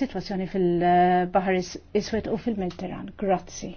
situazzjoni fil-Bahar Iswed u fil-Mediterran. Grazzi.